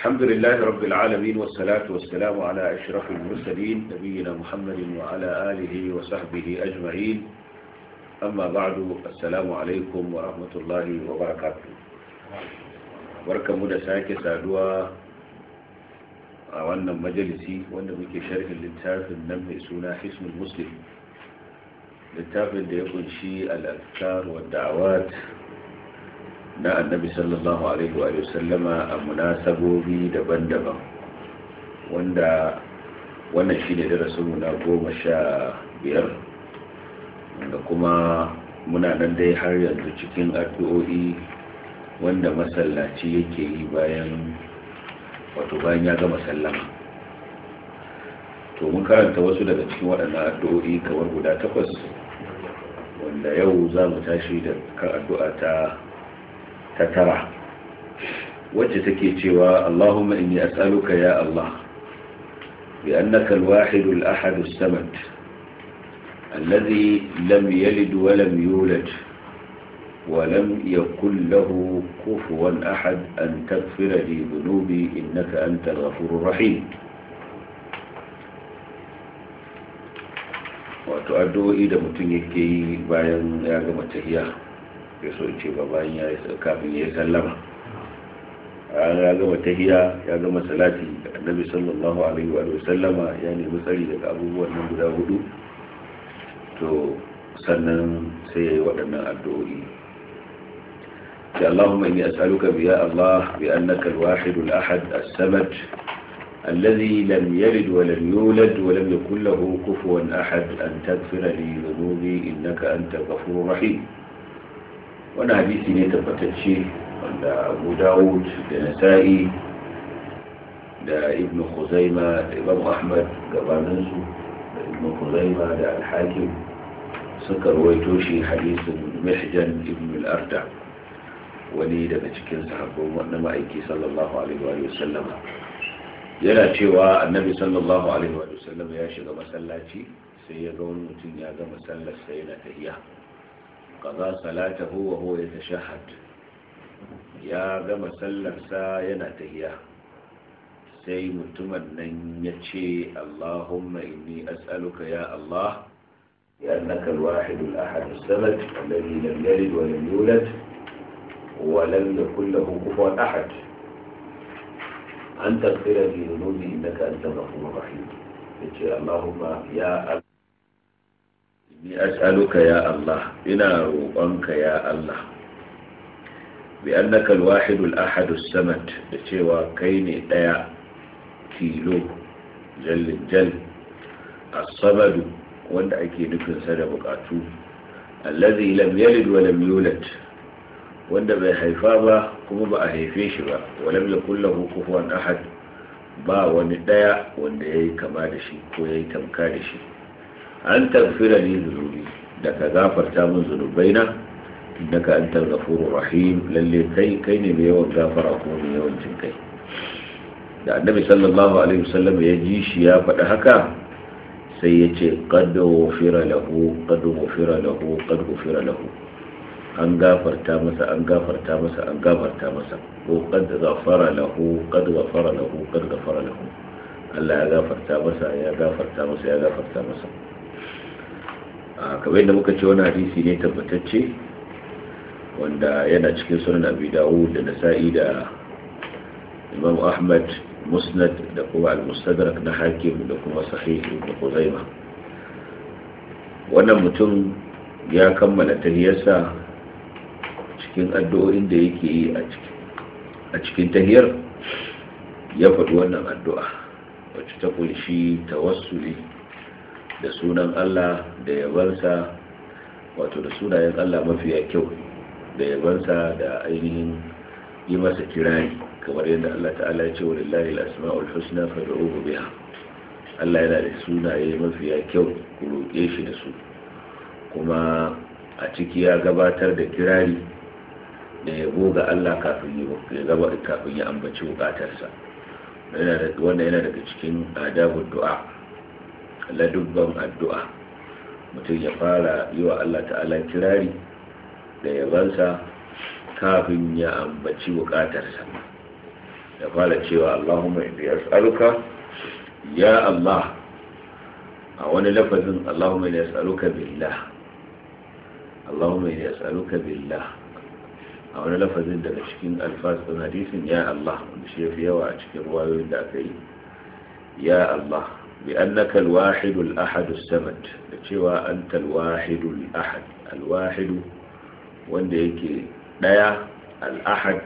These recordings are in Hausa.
الحمد لله رب العالمين والصلاة والسلام على أشرف المرسلين نبينا محمد وعلى آله وصحبه أجمعين أما بعد السلام عليكم ورحمة الله وبركاته بركة مدساك سادوا وأن مجلسي وأن بك شرح للتاف النمه سنة حسن المسلم للتاف يكون شيء الأذكار والدعوات na annabi sallallahu alaihi wa sallama a munasabobi daban-daban wanda wannan shi ne darasinmu na goma sha biyar wanda kuma muna nan dai har yanzu cikin addu'o'i wanda masallaci yake yi bayan wato bayan ya gama sallama to mun karanta wasu daga cikin waɗannan addu'o'i kamar guda takwas wanda yau za mu tashi da kan addu'a ta تترى وجتك اتوى اللهم إني أسألك يا الله بأنك الواحد الأحد السمد الذي لم يلد ولم يولد ولم يكن له كفوا أحد أن تغفر لي ذنوبي إنك أنت الغفور الرحيم وتؤدوا إذا متنكي بعين أعلم التهيئة ya so ce ba bayan ya kafin ya sallama ya gama tahiya ya gama salati da annabi sallallahu alaihi wa sallama ya nemi tsari daga abubuwan nan guda hudu to sannan sai ya yi waɗannan addu'o'i ya Allahumma inni as'aluka bi ya Allah bi annaka al-wahid al-ahad as-samad الذي لم يلد ولم يولد ولم يكن له كفوا أحد أن تغفر لي ذنوبي إنك أنت الغفور الرحيم wani hadisi ne tabbatacce wanda abu dawud da nasa'i da ibn khuzaima da imam ahmad gabaninsu da ibn khuzaima da alhakim suka ruwaito shi hadisin mihjan ibn arda wani daga cikin sahabban wannan ma'aiki sallallahu alaihi wa sallam yana cewa annabi sallallahu alaihi wa sallam ya shiga masallaci sai ya ga wani mutum ya ga sallar sai yana tahiya قضى صلاته وهو يتشهد يا gama سلم yana تهيا سي mutumin nan اللهم إني أسألك يا الله ya لأنك الواحد الأحد السبت الذي لم يلد ولم يولد ولم يكن له كفوا أحد أن تغفر لي ذنوبي إنك أنت الغفور الرحيم اللهم يا أب bi as'aluka ya Allah ina roƙonka ya Allah bi annaka al-wahid al-ahad as-samad da cewa kai ne daya tilo jallin jal as-samad wanda ake nufin sa da bukatu allazi lam yalid wa lam yulad wanda bai haifa ba kuma ba a haife shi ba wa lam yakul lahu kufuwan ahad ba wani daya wanda yayi kama da shi ko yayi tamka da shi an tagfira ni zunubi da ka gafarta min zunubai na zunubaina innaka antal ghafurur rahim lalle kai kai ne mai yawan gafara kuma mai yawan cin kai da annabi sallallahu alaihi wasallam ya ji shi ya faɗi haka sai ya ce qad ghufira lahu qad ghufira lahu qad ghufira lahu an gafarta masa an gafarta masa an gafarta masa ko qad ghafara lahu qad ghafara lahu qad ghafara lahu Allah ya gafarta masa ya gafarta masa ya gafarta masa kamar yadda muka ce wani hadisi ne tabbatacce wanda yana cikin sunan abi dawo da nasa'i da imam ahmad musnad da kuma al-mustadrak na hakim da kuma sahihi da kuzaima wannan mutum ya kammala tahiyarsa cikin addu'o'in da yake yi a cikin tahiyar ya faɗi wannan addu'a wacce ta kunshi tawassuli da sunan Allah da yabarsa wato da sunayen Allah mafiya kyau da yabarsa da ainihin yi masa kirari kamar yadda Allah ta'ala ya ce wa lillahi al-asma'ul husna fad'uhu biha Allah yana da sunaye mafiya kyau ku roƙe shi da su kuma a ciki ya gabatar da kirari da yabo ga Allah kafin ya kafin ya ambaci bukatarsa wannan yana daga cikin adabun du'a ladubban addu'a mutum ya fara yi wa Allah ta'ala kirari da yabansa kafin ya ambaci bukatarsa ya fara cewa Allahumma inni as'aluka ya Allah a wani lafazin Allahumma inni as'aluka billah Allahumma inni as'aluka billah a wani lafazin daga cikin alfasun hadisin ya Allah wanda shi yafi yawa a cikin ruwayoyin da aka yi ya Allah بأنك الواحد الأحد السمد لتشوى أنت الواحد الأحد الواحد wanda yake ɗaya al'ahad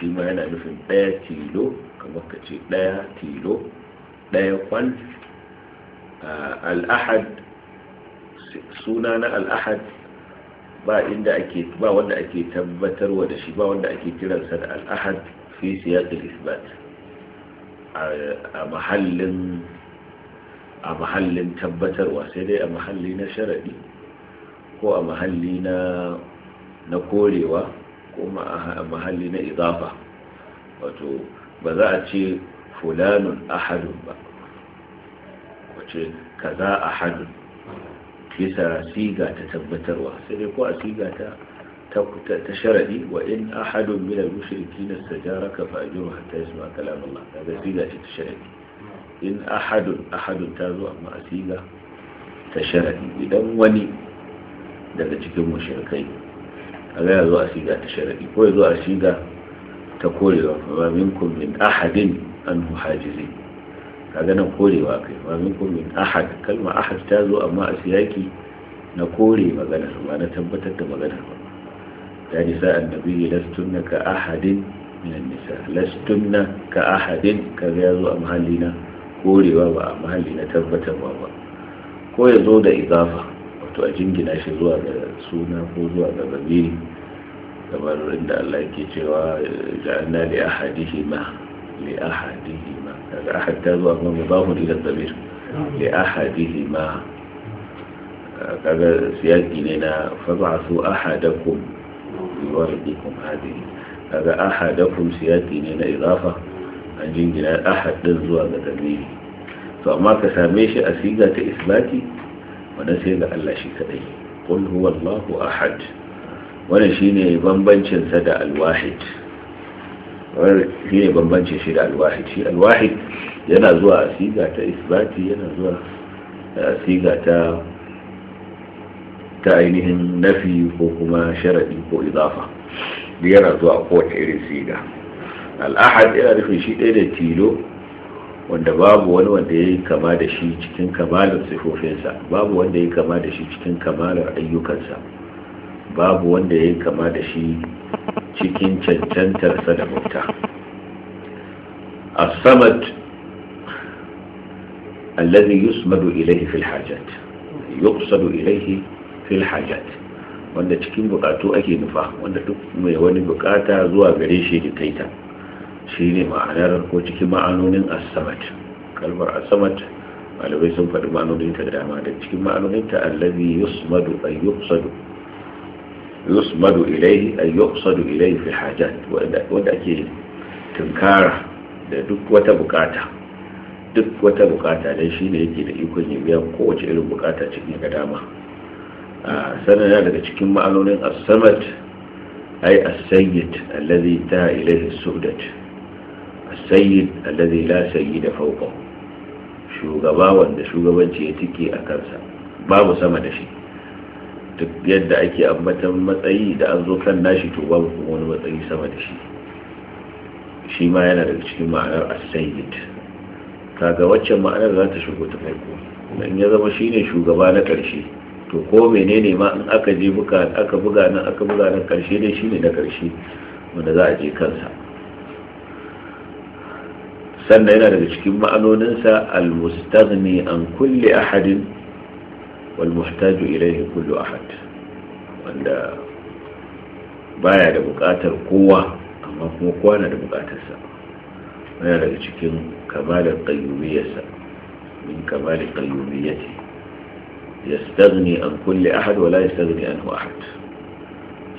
shi ma yana nufin ɗaya tilo kamar ka ce ɗaya tilo ɗaya kwan al'ahad suna na al'ahad ba inda ake ba wanda ake tabbatarwa da shi ba wanda ake kiransa da al'ahad fi siyaqil isbat a mahallin a mahallin tabbatarwa sai dai a mahalli na sharaɗi ko a mahalli na korewa ko a mahalli na izafa wato ba za a ce fulanun ahadun ba wace kaza ahadun bisa siga ta tabbatarwa sai dai ko a siga ta ta sharaɗi wa in ahadun min al-mushrikeena istajaraka fa ajiru hatta yasma kalam Allah kaga siga ce ta sharaɗi in ahadun ahadun ta zo amma a siga ta sharadi idan wani daga cikin mushrikai a gaya zo a siga ta sharadi ko ya zo a siga ta korewa fa ba minkum min ahadin an muhajizi kaga nan korewa kai ba minkum min ahad kalma ahad ta zo amma a siyaki na kore magana ba na tabbatar da magana ba ya ji sa annabi lastunna ka ahadin min nisa lastunna ka ahadin kaga ya zo a mahallina korewa ba a mahalli na tabbatar ba ko ya zo da izafa wato a jingina shi zuwa da suna ko zuwa ga babiri kamar inda Allah ke cewa ja'alna li ma li ahadihima daga ahad ta zuwa ga mudafu ila zabir li ma kaga siyaki ne na fab'athu ahadakum yuwarikum warqikum hadhihi kaga ahadakum siyaki ne na izafa an jingina ahad din zuwa ga dhamiri to amma ka same shi a siga ta islati wani sai ga Allah shi kadai qul huwallahu ahad wannan shine bambancin sa da alwahid wannan shine bambancin shi da alwahid shi alwahid yana zuwa a siga ta islati yana zuwa a siga ta ta ainihin nafi ko kuma sharadi ko idafa yana zuwa kowace irin siga al-ahad yana nufin shi ɗaya da tilo wanda babu wani wanda ya yi kama da shi cikin kamalar sifofinsa babu wanda ya yi kama da shi cikin kamalar ayyukansa babu wanda ya yi kama da shi cikin cancantarsa da mota. as-samad alladhi yusmadu ilayhi fil hajat yuqsadu ilayhi fil hajat wanda cikin bukatu ake nufa wanda duk mai wani bukata zuwa gare shi da kaita shine ma'anar ko cikin ma'anonin asamat. kalmar asamat, samad sun faɗi ma'anonin da dama da cikin ta allabi yusmadu a yuqsadu yusmadu ilai a yuqsadu ilai fi hajjat wadda ake tunkara da duk wata bukata duk wata bukata shi shine yake da ikon yi biyan kowace irin bukata cikin ga dama A sanana daga cikin ma'anonin asamat, ai asayyid allazi ta ilai sudat السيد الذي لا سيد فوقه shugaba wanda shugabanci ya tike a kansa babu sama da shi duk yadda ake ambatan matsayi da an zo kan nashi to babu wani matsayi sama da shi shi ma yana daga cikin ma'anar asayid kaga waccan ma'anar za ta shigo ta farko in ya zama shine shugaba na karshe to ko menene ma in aka je buga aka buga nan aka buga nan karshe dai shine na karshe wanda za a je kansa sannan yana daga cikin ma'anoninsa al-mustaghni an kulli ahadin wal muhtaju ilayhi kullu ahad wanda baya da bukatar kowa amma kuma kowa na da bukatarsa yana daga cikin kamalin qayyumiyyarsa min kamalin qayyumiyyati yastaghni an kulli ahad wala yastaghni anhu ahad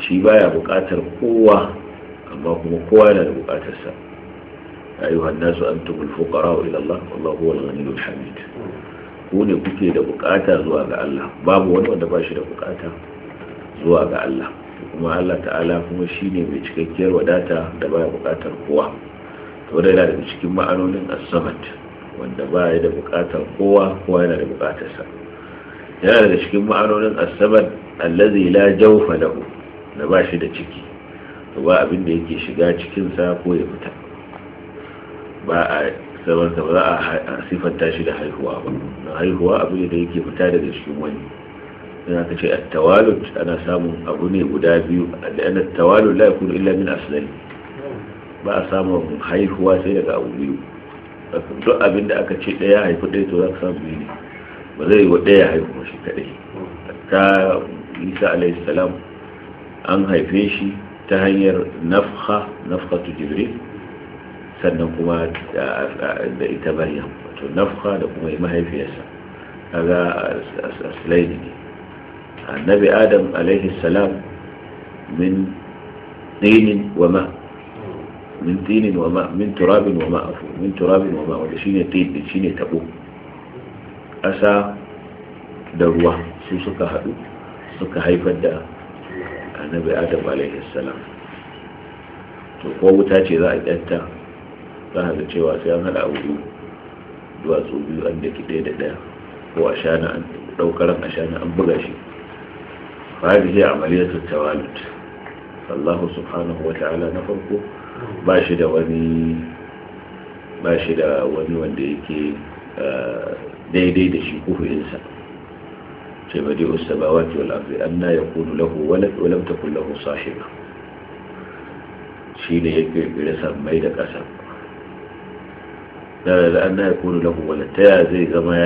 shi baya bukatar kowa amma kuma kowa na da bukatarsa ya yi hannasu an tumul fukara wa ilallah wallahu huwa al-ghaniyul hamid ku ne kuke da bukata zuwa ga Allah babu wani wanda ba shi da bukata zuwa ga Allah kuma Allah ta'ala kuma shi ne mai cikakkiyar wadata da baya bukatar kowa to da yana daga cikin ma'anonin as-samad wanda baya da bukatar kowa kowa yana da bukatarsa yana daga cikin ma'anonin as-samad allazi la jawfa da ba shi da ciki to ba abin da yake shiga cikin sa ko ya fita ba a sabanta ba za a sifanta shi da haihuwa ba na haihuwa abu ne da yake fita daga cikin wani yana ka ce attawalut ana samun abu ne guda biyu da yana tawalut la yakunu illa min aslali ba a samun haihuwa sai daga abu biyu duk abin da aka ce ɗaya haifu ɗaya to za ka samu biyu ne ba zai yi wa ɗaya haihuwa shi kadai. ta isa alayhi salam an haife shi ta hanyar nafha nafha tu jibril sannan kuma da ita maryam wato nafka da kuma mahaifiyarsa kaga aslaini ne annabi adam alaihi salam min dinin wa ma min dinin wa ma min turabin wa ma afu min turabin wa ma wanda shine tin shine tabo ƙasa da ruwa su suka haɗu suka haifar da annabi adam alaihi salam to ko wuta ce za a ƙyanta za da cewa sai an hada abu biyu duwatsu biyu an da ɗaya da ɗaya ko a shana an ɗaukaran a shana an buga shi fari zai ta tawalut Allah subhanahu wa ta'ala na farko ba shi da wani ba shi da wani wanda yake eh, daidai da shi kuhurinsa sai bade usabawati wal ardi anna yakunu lahu walad wa lam takul lahu sahiba shi ne yake kirkire sammai da ƙasa da an na yakunu lahu walad ta ya zai zama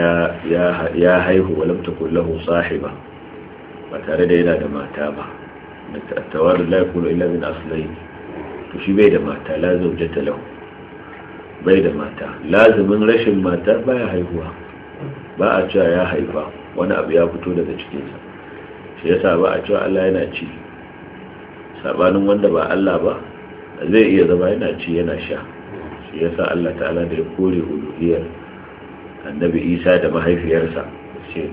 ya haihu walam takun lahu sahiba ba tare da yana da mata ba التوارد لا يكون إلا من أصلين shi bai da mata lazim da talau bai da mata lazimin rashin mata baya haihuwa ba a cewa ya haifa wani abu ya fito daga cikinsa shi yasa ba a cewa Allah yana ci sabanin wanda ba Allah ba zai iya zama yana ci yana sha shi yasa Allah ta'ala da ya kore uluhiyar annabi Isa da mahaifiyarsa ce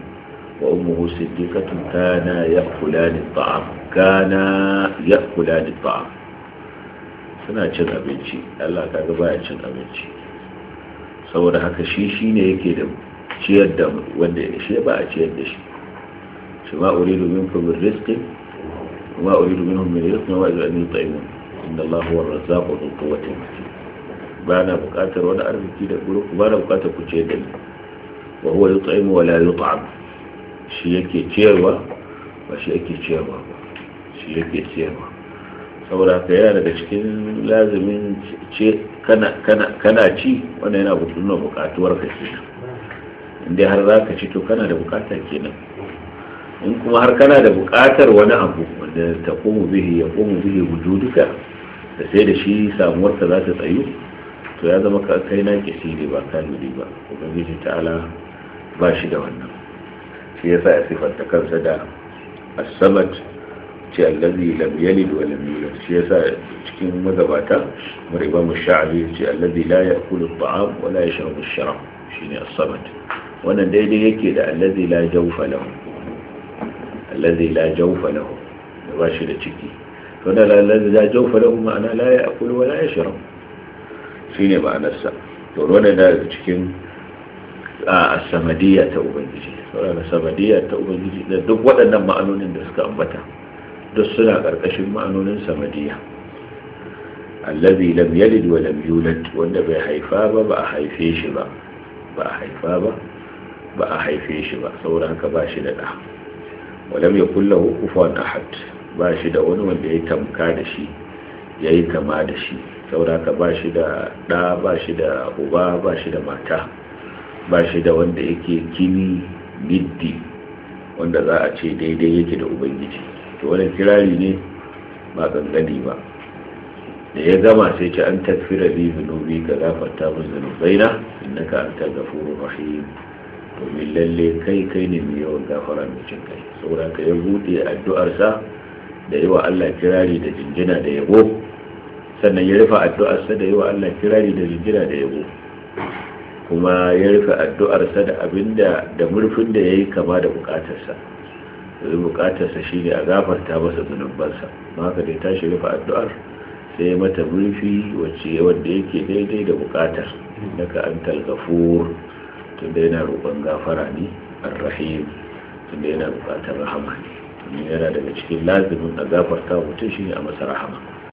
wa ummuhu siddiqatun kana ya'kulani ta'am kana ya'kulani ta'am suna cin abinci Allah ka ga baya cin abinci saboda haka shi shine yake da ciyar da wanda shi ba a ciyar da shi shi ma uridu minkum min rizqin wa uridu minhum min rizqin wa uridu an yut'imun inna Allahu huwa ar-razzaqu dhu quwwati matin ba na bukatar wani arziki da guru ba na bukatar ku ce da ni wa huwa yut'imu wa la yut'am shi yake ciyarwa ba shi yake ciyarwa ba shi yake ciyarwa saboda ka yana daga cikin lazimin ce kana ci wanda yana nuna bukatuwar ka kenan inda har za ka ci to kana da buƙata kenan in kuma har kana da bukatar wani abu wanda ta kuma bihi ya kuma bihi wujuduka da sai da shi samuwarsa za ta tsayu to ya zama ka kai na ke kisi ne ba kafiri ba ubangiji ala ba shi da wannan shi sa ya sifanta kansa da asabat ce allazi lam yalid wa lam yulad shi sa cikin magabata mariba musha'abi ce allazi la ya'kulu at'am wa la yashrabu ash-sharab shine asabat wannan daidai yake da allazi la jawfa lahu allazi la jawfa lahu da ba shi da ciki to da allazi la jawfa lahu ma'ana la ya'kulu wa la yashrabu ne ma'anarsa to wannan na daga cikin a samadiyya ta ubangiji saboda samadiyya ta ubangiji da duk waɗannan ma'anonin da suka ambata duk suna ƙarƙashin ma'anonin samadiyya allazi lam yalid wa lam yulad wanda bai haifa ba ba a haife shi ba ba a haifa ba ba a haife shi ba saboda haka ba shi da d'a wa lam yakul lahu kufuwan ahad ba shi da wani wanda ya tamka da shi ya yi kama da shi sauraka ba shi da ɗa ba shi da uba ba shi da mata ba shi da wanda yake kini giddi wanda za a ce daidai yake da ubangiji to wani kirari ne ba gangani ba da ya gama sai ce an tafira bi zunubi ka gafarta na zunubaina ka antal ghafurur rahim domin lalle kai kai ne mai yawan gafara mai cin kai saboda ka ya bude addu'arsa da yawa Allah kirari da jinjina da yabo sannan ya rufe addu'arsa da yawa Allah kirari da jinjira da yabo kuma ya rufe addu'arsa da abinda da murfin da yayi kama da bukatarsa zai bukatarsa shine a gafarta masa zunubansa don haka dai tashi rufe addu'ar sai mata murfi wacce wanda yake daidai da bukatar daga antal gafur tunda yana roƙon gafara ne arrahim tunda yana bukatar rahama ne yana daga cikin lazimin a gafarta mutum shi a masa rahama